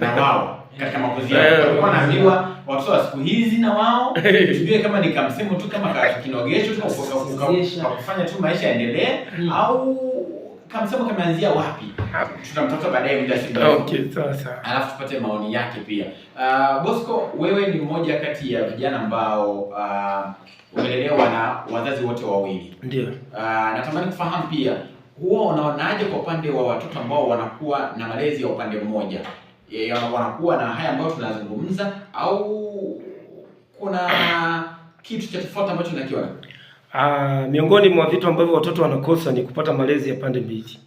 na wao katika makuzi yao walikuwa wanaambiwa watoto wa siku hizi na wao tujue kama ni kamsemo tu kama kakinogesho kakufanya tu maisha yaendelee hmm. au kamsemo kameanzia wapi tutamtafuta baadaye muda si mrefu okay, sasa alafu tupate maoni yake pia uh, Bosco wewe ni mmoja kati ya vijana ambao uh, umelelewa na wazazi wote wawili ndio uh, natamani kufahamu pia huwa unaonaje kwa upande wa watoto ambao wanakuwa na malezi ya upande mmoja Eh, wanakuwa na haya ambayo tunazungumza au kuna kitu cha tofauti ambacho nakiona? Ah, miongoni mwa vitu ambavyo watoto wanakosa ni kupata malezi ya pande mbili.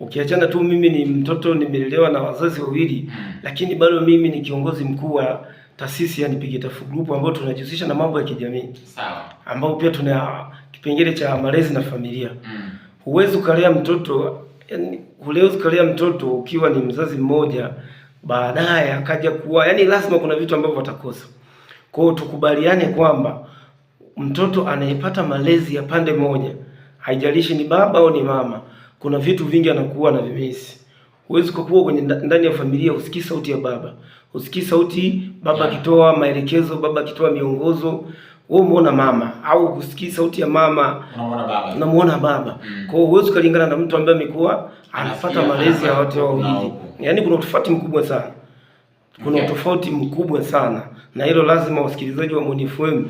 Ukiachana tu mimi ni mtoto nimelelewa na wazazi wawili, hmm. lakini bado mimi ni kiongozi mkuu wa taasisi ya Nipige Tafu Group ambayo tunajihusisha na mambo ya kijamii. Sawa. Ambao pia tuna kipengele cha malezi na familia. Hmm. Huwezi ukalea mtoto yani hulezi kulea mtoto ukiwa ni mzazi mmoja, baadaye akaja kuwa yani, lazima kuna vitu ambavyo watakosa. Kwa hiyo tukubaliane kwamba mtoto anayepata malezi ya pande moja, haijalishi ni baba au ni mama, kuna vitu vingi anakuwa na vimisi. Huwezi kuwa kwenye ndani ya familia usikii sauti ya baba, usikii sauti baba akitoa maelekezo, baba akitoa miongozo wewe umeona mama au husikii sauti ya mama, unamuona baba, unamuona baba. Mm. Kwa hiyo huwezi kulingana na mtu ambaye amekuwa anafuata malezi ya watu wawili, yaani kuna utofauti mkubwa sana, kuna okay, utofauti mkubwa sana, na hilo lazima wasikilizaji wa Monny FM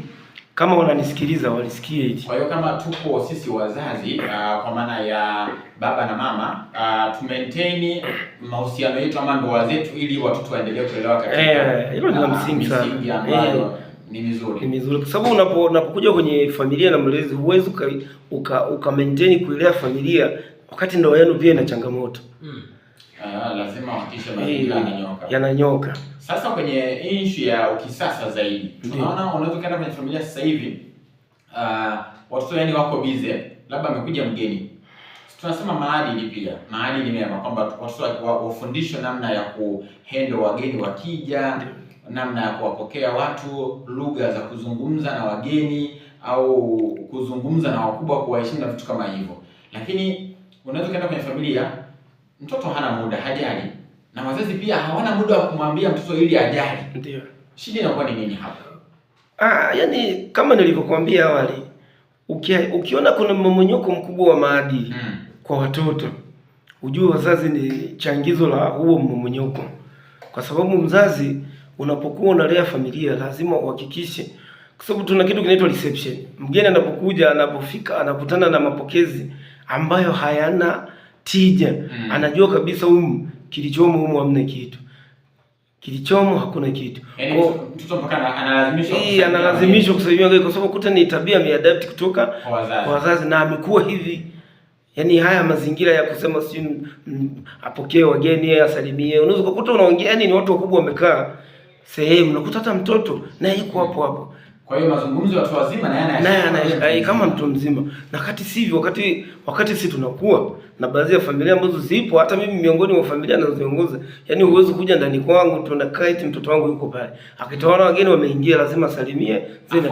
kama wananisikiliza walisikie hichi. Kwa hiyo kama tupo sisi wazazi uh, kwa maana ya baba na mama uh, tu maintain mahusiano yetu ama ndoa zetu ili watoto waendelee kuelewa katika eh, hilo, eh, ni la uh, msingi sana ni mizuri, ni mizuri kwa sababu unapo unapokuja kwenye familia na mlezi, huwezi uka, uka, uka maintain kuilea familia wakati ndoa yenu pia ina changamoto hmm. Ah, lazima uhakikishe eh, mazingira yananyoka yananyoka. Sasa kwenye issue ya ukisasa zaidi, unaona unaweza kwenda kwenye familia sasa hivi uh, watoto yani wako busy, labda amekuja mgeni tunasema maadili pia, maadili mema, kwamba watoto wafundishwe namna ya kuhandle wageni wakija namna ya kuwapokea watu, lugha za kuzungumza na wageni au kuzungumza na wakubwa, kuwaheshimu na vitu kama hivyo. Lakini unaweza kwenda kwenye familia, mtoto hana muda, hajali, na wazazi pia hawana muda wa kumwambia mtoto ili ajali. Ndio shida inakuwa ni nini hapa? Ah, yani kama nilivyokuambia awali, uki, ukiona kuna mmomonyoko mkubwa wa maadili hmm, kwa watoto, ujue wazazi ni changizo la huo mmomonyoko, kwa sababu mzazi unapokuwa unalea familia lazima uhakikishe, kwa sababu tuna kitu kinaitwa reception. Mgeni anapokuja, anapofika, anakutana na mapokezi ambayo hayana tija hmm. Anajua kabisa huyu kilichomo humu hamna kitu, kilichomo hakuna kitu, yaani analazimishwa kusalimia kwa sababu kuta ni tabia ameadapt kutoka kwa wazazi na amekuwa hivi Yaani haya mazingira ya kusema si mm, apokee wageni yeye asalimie, unaweza kukuta unaongea, yani ni watu wakubwa wamekaa sehemu, unakuta hata mtoto naye yuko hapo hapo. Kwa hiyo mazungumzo ya watu wazima na yeye anaishi kama mtu mzima, na kati sivyo, wakati wakati sisi tunakuwa na baadhi ya familia ambazo zipo, hata mimi miongoni mwa familia naziongoza, yani huwezi kuja ndani kwangu tunakaa eti mtoto wangu yuko pale, akitaona wageni wameingia lazima asalimie, tena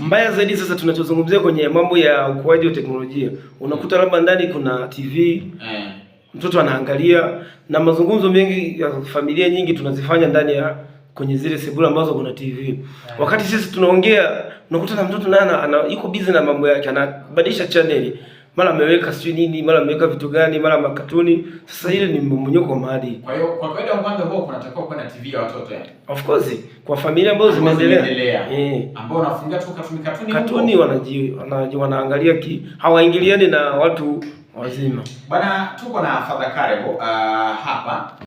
mbaya zaidi. Sasa tunachozungumzia kwenye mambo ya ukuaji wa teknolojia, unakuta labda ndani kuna TV eh mtoto anaangalia, na mazungumzo mengi ya familia nyingi tunazifanya ndani ya kwenye zile sebule ambazo kuna TV. Eh. Wakati sisi tunaongea, unakuta na mtoto naye ana yuko busy na mambo yake, anabadilisha channel, mara ameweka sijui nini, mara ameweka vitu gani, mara makatuni. Sasa ile ni mmomonyoko wa maadili. Kwa hiyo kwa kawaida mwanzo huo kunatakiwa kuwa na TV ya watoto yani. Eh? Of course, kwa familia ambazo zimeendelea. Eh. Ambao wanafungia tu katuni katuni. Katuni wanaji wanaangalia ki hawaingiliani na watu wazima bana, tuko na Fadha Karebo uh, ah, hapa